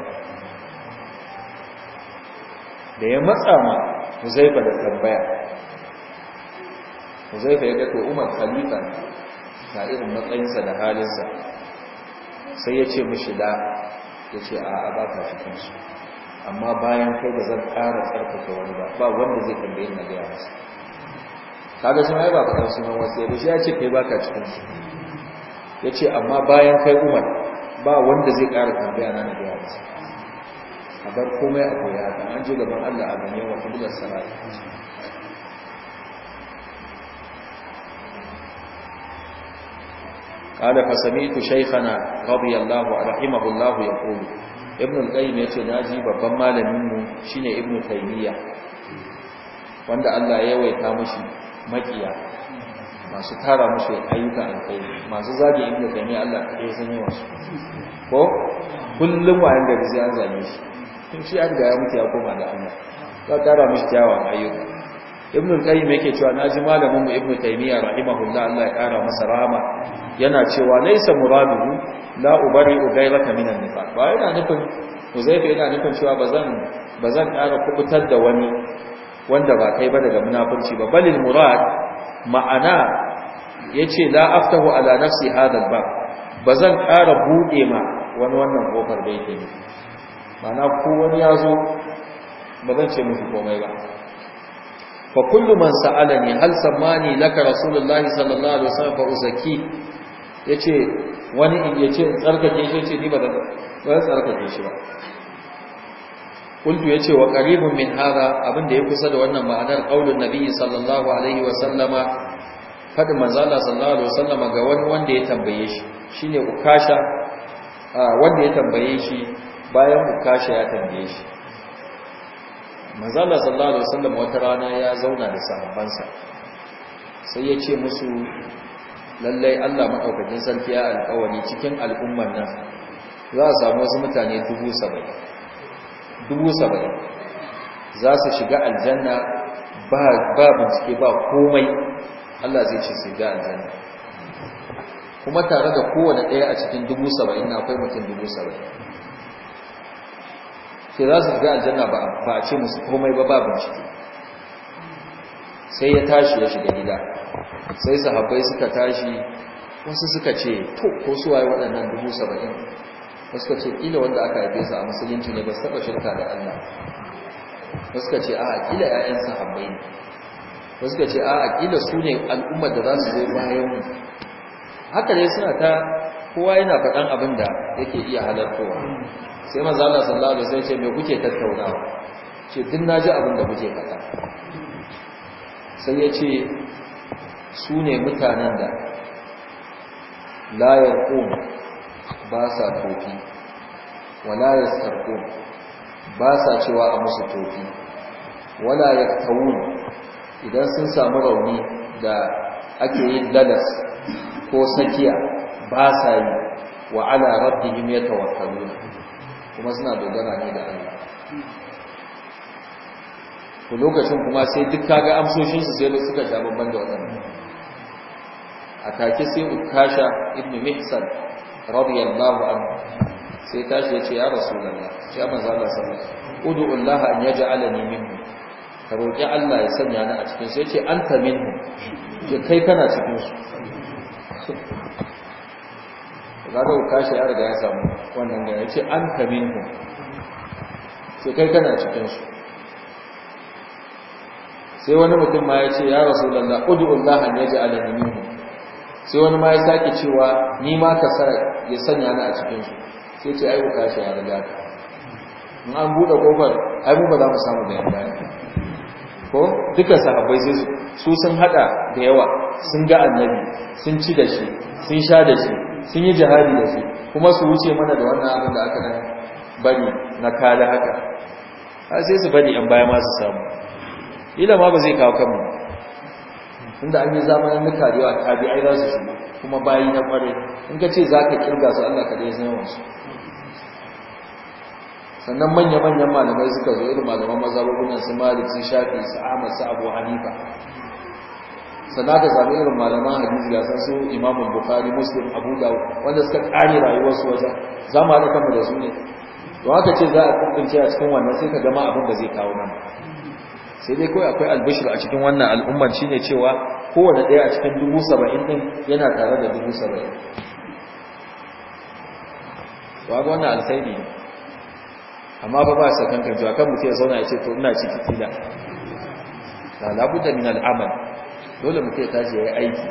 da ya matsa ma Huzaifa da tambaya Huzaifa ya ga to Umar khalifa ta irin matsayinsa da halinsa sai ya ce mishi da ya ce a ba ka cikin su amma bayan kai da zan ƙara tsarkake wani ba ba wanda zai tambaye na gaya masa kaga shi mai ba ka san sunan wasu ya ce kai ba ka cikin su ya ce amma bayan kai umar ba wanda zai ƙara tambaya na da a a bar komai a koya da an ji gaban allah a gane wa fadilar sarari قال فسمعت شيخنا رضي الله رحمه الله يقول ابن القيم yace naji babban malamin mu shine ibn taymiya wanda Allah ya yawaita mashi makiya masu tara musu ayyuka kai masu zagi inda kai ne Allah ya san yi su ko kullum wayan da zai an zame shi tun shi an gaya mutu ya koma da Allah za tara musu tawa ayyuka ibn al-qayyim yake cewa naji malamin mu ibn taymiya rahimahullah Allah ya kara masa rahama yana cewa laysa muraduhu la ubari'u ghayraka minan nifaq ba yana nufin uzaifa yana nufin cewa bazan bazan kara kubutar da wani wanda ba kai ba daga munafurci ba balil murad ma'ana Ya ce la aftahu ala nafsi hadha ba, ba bazan ƙara bude ma wani wannan kofar da yake ne mana ko wani yazo bazan ce musu komai ba fa kullu man sa'alani hal sammani laka rasulullahi sallallahu alaihi wasallam fa uzaki ce wani in yace tsarkake shi ce ni bazan bazan tsarkake shi ba قلت يجي وقريب من هذا أبن دي كسد وأن معنى قول النبي صلى الله عليه وسلم fadi manzala sallallahu alaihi wasallam ga wani wanda ya tambaye shi shine ukasha wanda ya tambaye shi bayan ukasha ya tambaye shi manzala sallallahu alaihi wasallam wata rana ya zauna da sahabbansa sai ya ce musu lallai Allah madaukakin sarki ya alƙawari cikin al'ummar nan za a samu wasu mutane 70 70 za su shiga aljanna ba ba bincike ba komai Allah zai ce sai ga aljanna kuma tare da kowane ɗaya a cikin dubu saba'in na akwai mutum dubu saba'in ke za su ga aljanna ba a ce musu komai ba ba bincike sai ya tashi ya shiga gida sai sahabbai suka tashi wasu suka ce to ko waye waɗannan dubu saba'in wasu ce ƙila wanda aka haife su a musulunci ne ba su taɓa shirka da allah wasu ce a ƙila 'ya'yan sahabbai ne wasu suka ce a aƙila su ne al'ummar da za su zo bayan mu haka dai suna ta kowa yana faɗan abin da yake iya halartowa sai maza Allah sallallahu alaihi wasallam ce me kuke tattaunawa ce duk naji abin da kuke faɗa sai ya ce su ne mutanen da layar ƙon ba sa toki wala sarko ba sa cewa a musu tofi wala yaktawun idan sun samu rauni da ake yin dalas ko sakiya ba sa yi wa ala rabbihim nuna, kuma suna dogara ne da Allah Ku lokacin kuma sai duk kaga amsoshin su sai suka sha babban da A kaki sai ukasha ibn mihsan radiyallahu anhu sai tashi yace ya rasulullah ya manzo Allah sallallahu alaihi wasallam ud'u Allah an yaj'alani minhu ka roƙi Allah ya sanya ni a cikin su yace ta minhu ke kai kana cikin su zaka uka shi ya riga ya samu wannan da yace anta mu, sai kai kana cikin su sai wani mutum ma ya ce ya rasulullah ud'ullah an yaj'alani minhu sai wani ma ya sake cewa ni ma ka sa ya sanya ni a cikin su sai ce ai uka shi ya riga in an buɗe ƙofar ai mu ba za mu samu da yanda ne ko duka sahabbai sai su sun hada da yawa sun ga annabi sun ci da shi sun sha da shi sun yi jihadi da shi kuma su wuce mana da wannan abin da aka nan bari na kala haka a sai su bari an baya ma su samu ila ma ba zai kawo kanmu tunda an yi zamanin nuka da yawa tabi'ai za su shigo kuma bayi na kware in ka ce za ka kirga su allah ka dai zama wasu sannan manya-manyan malamai suka zo irin malaman mazabubunan su malik su shafi su ahmad su abu hanifa sannan ka sami irin malaman hadisi ga san su imamun bukari muslim abu dawo wanda suka kare rayuwarsu wajen za mu haɗa kama da su ne to haka ce za a kunkunce a cikin wannan sai ka gama abin da zai kawo nan sai dai kawai akwai albishir a cikin wannan al'umman ne cewa kowane ɗaya a cikin dubu saba'in ɗin yana tare da dubu saba'in to wannan ne amma ba ba sakan kan jiwa kan mutum ya zauna ya ce to ina ciki fila da labuda min al'amal dole mutum ya tashi ya yi aiki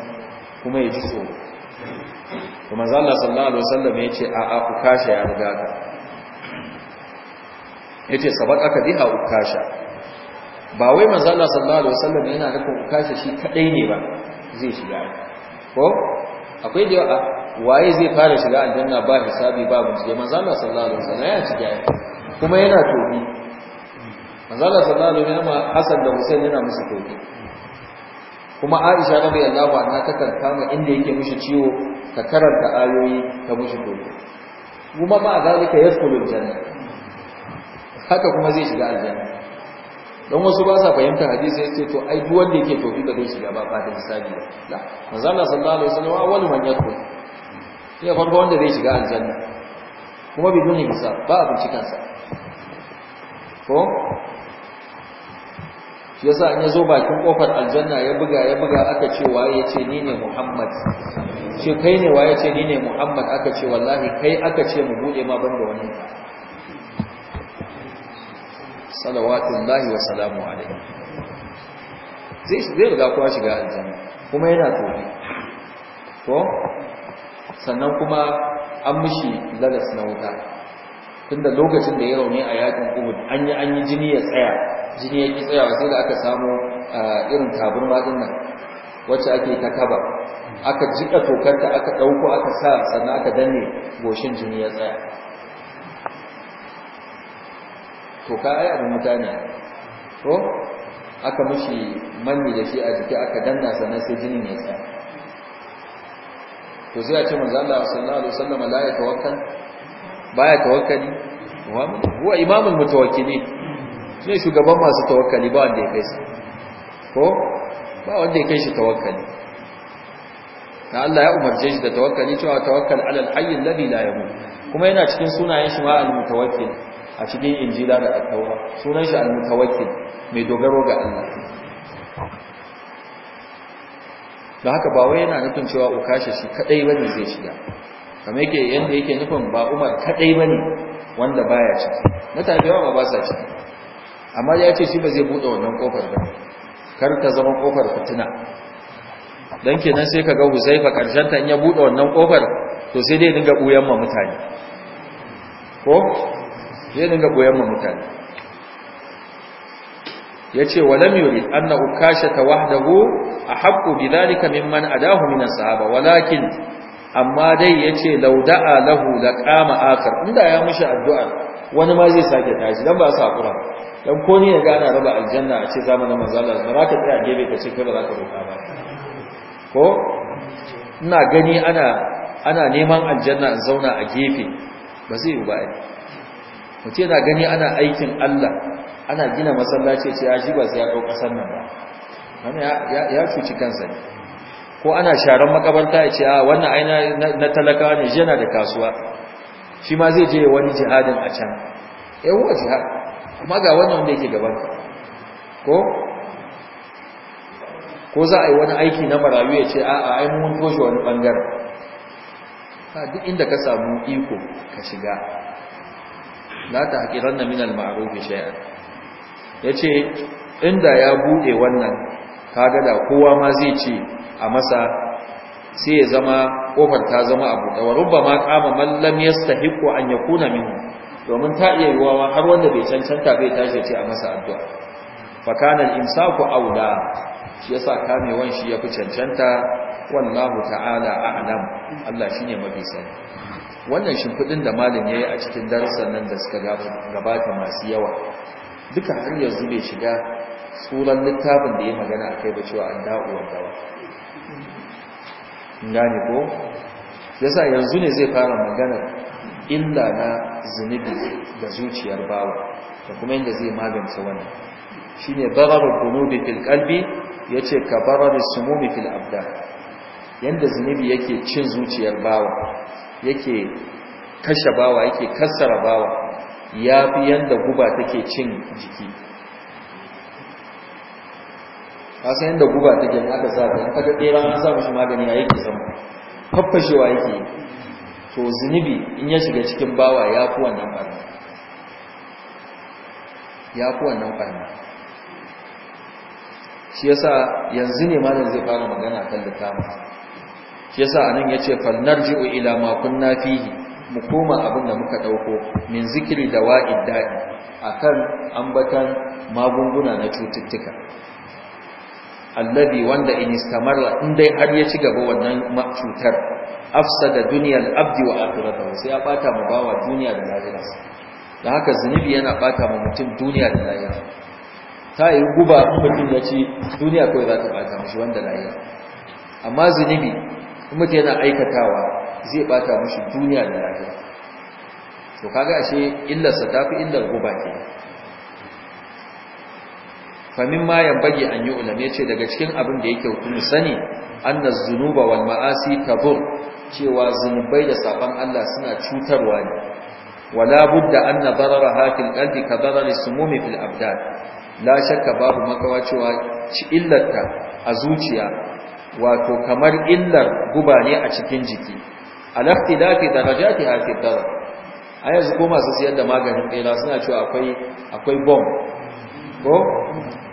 kuma ya ji so kuma zalla sallallahu alaihi wasallam ya ce a a kashe ya riga ka ya ce sabaqaka biha kashe ba wai manzo Allah sallallahu alaihi wasallam yana nufin kashe shi kadai ne ba zai shiga ko akwai da waye zai fara shiga aljanna ba hisabi ba bincike manzo Allah sallallahu alaihi wasallam ya shiga kuma yana tobi manzala sallallahu alaihi wasallam Hassan da husain yana musu tobi kuma Aisha radiyallahu anha ta kan kama inda yake mishi ciwo ta karanta ayoyi ta mishi tobi kuma ma zalika yadkhulul janna haka kuma zai shiga aljanna don wasu ba sa fahimtar hadisi ya ce to ai duk wanda yake tofi ba zai shiga ba ba da hisabi ba la manzo sallallahu alaihi wasallam awwal man yadkhul ya farko wanda zai shiga aljanna kuma bidun hisab ba a bincikansa ko shi yasa an yazo bakin kofar aljanna ya buga ya buga aka ce waye yace ni ne Muhammad ce kai ne waye yace ni ne Muhammad aka ce wallahi kai aka ce mu bude ma banda wani salawatullahi wa salamu alayhi zai zai ga kuwa shiga aljanna kuma yana tobi ko sannan kuma an mishi lalas na wuta tunda lokacin da ya rauni a yakin Uhud an yi an yi jini ya tsaya jini ya ki tsayawa sai da aka samu irin taburma din nan wacce ake ta kaba aka jika ta aka dauko aka sa sannan aka danne goshin jini ya tsaya to ka ai abin mutane ko aka mushi manni da shi a jiki aka danna sannan sai jinin ya tsaya to sai a ce manzo Allah sallallahu alaihi wasallam la yatawakkal baya tawakkali huwa imamul mutawakkilin shine shugaban masu tawakkali ba wanda ya kai shi ko ba wanda ya kai shi tawakkali dan Allah ya umarce shi da tawakkali cewa tawakkal alal hayy alladhi la yamut kuma yana cikin sunayen shi ma al mutawakkil a cikin injila da al taura sunan shi al mutawakkil mai dogaro ga Allah da haka ba wai yana nufin cewa ukashe shi kadai bane zai shiga kamar yake yanda yake nufin ba Umar kadai bane wanda baya ciki mutane yawa ba sa ciki amma ya ce shi ba zai bude wannan kofar ba kar ta zama kofar fitina dan kenan sai kaga Huzaifa karshen ta in ya bude wannan kofar to sai dai dinga buyan ma mutane ko sai dinga buyan ma mutane yace walam yurid anna ukashata wahdahu ahaqqu bidhalika mimman adahu min as-sahaba walakin amma dai yace lauda'a lahu da kama akhar inda ya mishi addu'a wani ma zai sake tashi dan ba sa kura dan ko ne ga ana raba aljanna a ce zamanin manzo Allah ba ka tsaya gebe ka ce kai ba za ka roka ba ko ina gani ana ana neman aljanna in zauna a gefe ba zai yi ba ai ce yana gani ana aikin Allah ana gina masallaci ce ya shi ba sai ya dau kasar nan ba ya cuci kansa ne ko ana sharan makabarta ya ce a ah, wannan aina na talaka ne yana da kasuwa shi ma zai je wani jihadin a can yawon jihad kuma ga wannan wanda yake gaban ko ko za a yi wani aiki na marayu ya ce a'a ai mun toshe wani bangare. ka duk inda ka samu iko ka shiga la ta haqiran min al-ma'ruf ya yace inda ya bude wannan kaga da kowa ma zai ce a masa sai ya zama kofar ta zama abu da warubba ma kama mallam yastahiqu an yakuna minhu domin ta iya yiwuwa har wanda bai cancanta bai tashi ce a masa addu'a fa kana al-imsaku awla shi yasa kamewan shi fi cancanta wallahu ta'ala a'lam Allah shine mafi sani wannan kudin da malam yayi a cikin darussan nan da suka gabata masu yawa duka har yanzu bai shiga tsuran littafin da ya magana akai ba cewa an da'u wa dawa gane ko yasa yanzu ne zai fara maganar illa na zunubi da zuciyar bawa da kuma yadda zai magance wannan shine bararar dunubi fil qalbi yace ka bararar sumumi fil abda. yanda zunubi yake cin zuciyar bawa yake kashe bawa yake kassara bawa ya fi yanda guba take cin jiki kasan yadda guba take in aka saka in kaga ɗera an sa mishi magani a yake zama faffashewa yake to zunubi in ya shiga cikin bawa ya fi wannan barna ya fi wannan barna shi yasa yanzu ne malam zai fara magana kan kama shi yasa anan ce falnar ji'o ila ma kunna fihi mu koma abin da muka ɗauko, min da dawa'id da'i akan ambatan magunguna na cututtuka allazi wanda in istamarra in dai har ya ci gaba wannan cutar afsada duniyal abdi wa akhiratahu sai ya bata mu bawa duniya da lahira da haka zunubi yana bata mu mutum duniya da lahira ta yi guba in mutum ya ci duniya kawai za ta bata mishi wanda lahira amma zunubi in mutum yana aikatawa zai bata mishi duniya da lahira to kaga ashe illarsa fi illar guba kenan famin ma bage an yi ulama yace daga cikin abin da yake hukumi sani anna zunuba wal ma'asi kabur cewa zunubai da saban Allah suna cutarwa ne wala budda an dararaha hakil qalbi ka darar sumumi fil abdan la shakka babu makawa cewa illarta a zuciya wato kamar illar guba ne a cikin jiki al-ikhtilafi ke fi darar a yanzu ko masu siyar da maganin kaila suna cewa akwai akwai bomb ko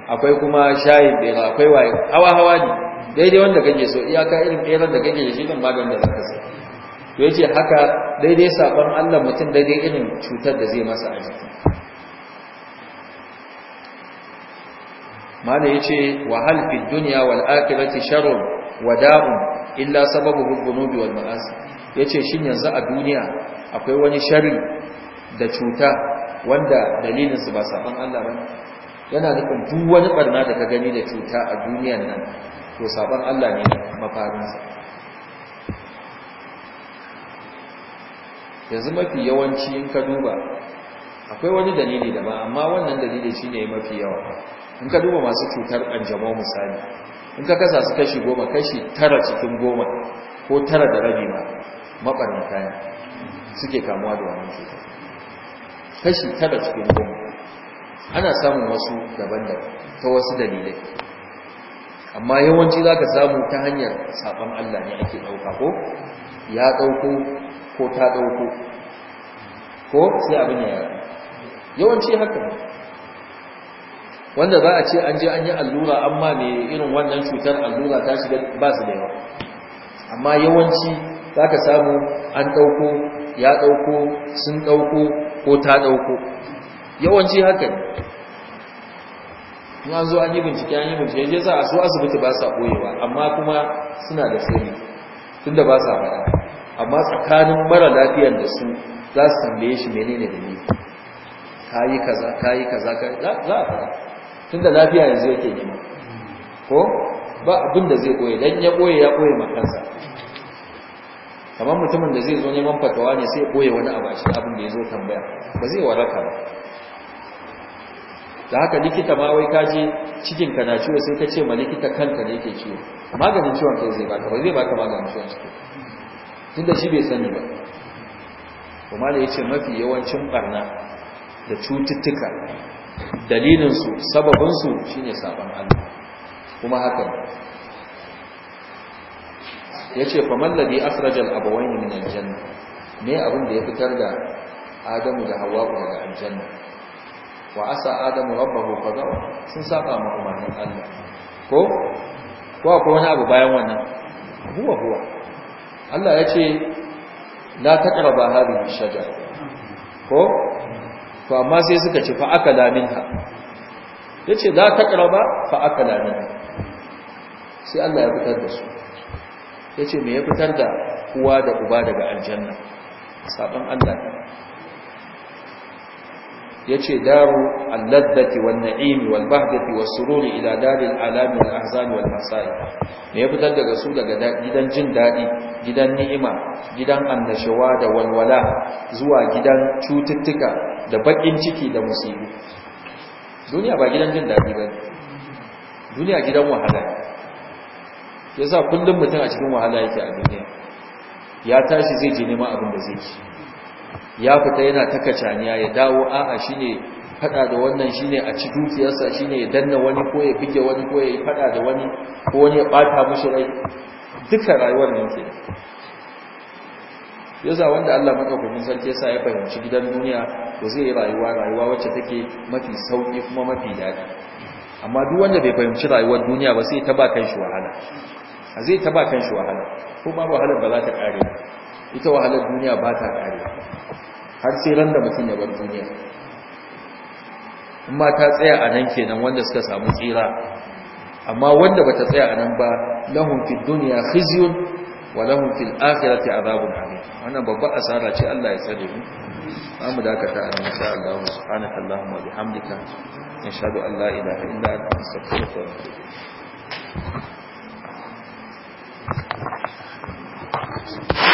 akwai kuma shayi bera akwai waye hawa hawa ne daidai wanda kake so iyaka irin beran da kake da shi kan maganin da zaka sai to yace haka daidai sabon Allah mutum daidai irin cutar da zai masa a jiki yace wa hal fi dunya wal akhirati sharrun wada'un illa sababu dhunubi wal ma'asi yace shin yanzu a duniya akwai wani sharri da cuta wanda dalilin su ba sabon Allah bane yana nufin duk wani barna da ka gani da cuta a duniyan nan to sabon Allah ne mafarinsa yanzu mafi yawanci in ka duba akwai wani dalili da ba amma wannan dalili shine mafi yawa in ka duba masu cutar kanjamau misali in ka kasa su kashi goma kashi tara cikin goma ko tara da rabi ma maɓarin kayan suke kamuwa da wannan cutar kashi tara cikin goma ana samun wasu daban-daban ta wasu dalilai amma yawanci za ka samu ta hanyar saɓon Allah ne ake ɗauka ko ya ɗauko ko ta ɗauko ko sai abin ya yi. yawanci haka wanda za a ce an je an yi allura amma ne irin wannan cutar allura ta shiga ba su da yawa amma yawanci za ka samu an ɗauko ya ɗauko sun ɗauko ko ta ɗauko yawanci haka kuma zo an yi bincike an yi bincike ya za a so asibiti ba sa ɓoyewa amma kuma suna da sirri tun da ba sa faɗa amma tsakanin mara lafiyar da su za su tambaye shi menene da ni ka yi kaza ka yi kaza ka za a faɗa tun da lafiya yanzu yake nema ko ba abin da zai ɓoye dan ya ɓoye ya ɓoye makansa kamar mutumin da zai zo neman fatawa ne sai ya ɓoye wani abu a shi abin da ya zo tambaya ba zai waraka ba da haka likita ma wai kaje cikin ka na ciwo sai ka ce ma likita kanka ne yake ciwo maganin ciwon kai zai baka ba zai baka maganin ciwon ciki tunda shi bai sani ba kuma da yace mafi yawancin barna da cututtuka dalilin su su shine saban Allah kuma haka yace mallabi ladhi akhrajal abawayn min aljanna me abin da ya fitar da Adamu da Hawwa daga aljanna wa asa adamu rabbahu fagawa sun saba ma umarnin Allah ko ko akwai wani abu bayan wannan huwa huwa Allah ya ce la taqraba hadhihi shajar ko to amma sai suka ce fa akala minha yace la taqraba fa akala minha sai Allah ya fitar da su yace me ya fitar da uwa da uba daga aljanna saban Allah yace daru al-laddati wan na'imi wal bahdati was sururi ila daril alami wal ahzan wal masa'ib me ya fitar daga su daga gidan jin dadi gidan ni'ima gidan annashawa da walwala zuwa gidan cututtuka da bakin ciki da musibi duniya ba gidan jin dadi bane duniya gidan wahala yasa kullum mutum a cikin wahala yake a duniya ya tashi zai je neman abin da zai ci ya fita yana ta kacaniya ya dawo a'a ne, fada da wannan shi ne, a ci dukiyarsa ne ya danna wani ko ya bige wani ko ya yi fada da wani ko wani ya bata mashi rai duka rayuwar nan ke yasa wanda Allah madaukakin sarki yasa ya fahimci gidan duniya to zai yi rayuwa rayuwa wacce take mafi sauki kuma mafi daɗi amma duk wanda bai fahimci rayuwar duniya ba sai ta ba kan shi wahala a zai ta ba kan shi wahala ko ba wahalar ba za ta kare ita wahalar duniya ba ta kare har sai ran da mutum ya bar duniya in ma ta tsaya a nan kenan wanda suka samu tsira amma wanda bata tsaya a nan ba lahum duniya dunya khizyun wa lahum fil akhirati adhabun alim wannan babba asara ce Allah ya tsare mu dakata a nan insha Allah subhanaka allahumma wa bihamdika nashhadu an la ilaha illa anta astaghfiruka wa atubu ilaik